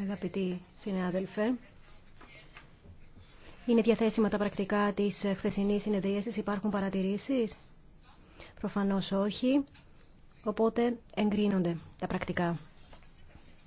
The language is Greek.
Αγαπητοί συνάδελφε, είναι διαθέσιμα τα πρακτικά της χθεσινής συνεδρίασης. Υπάρχουν παρατηρήσεις? Προφανώς όχι. Οπότε εγκρίνονται τα πρακτικά.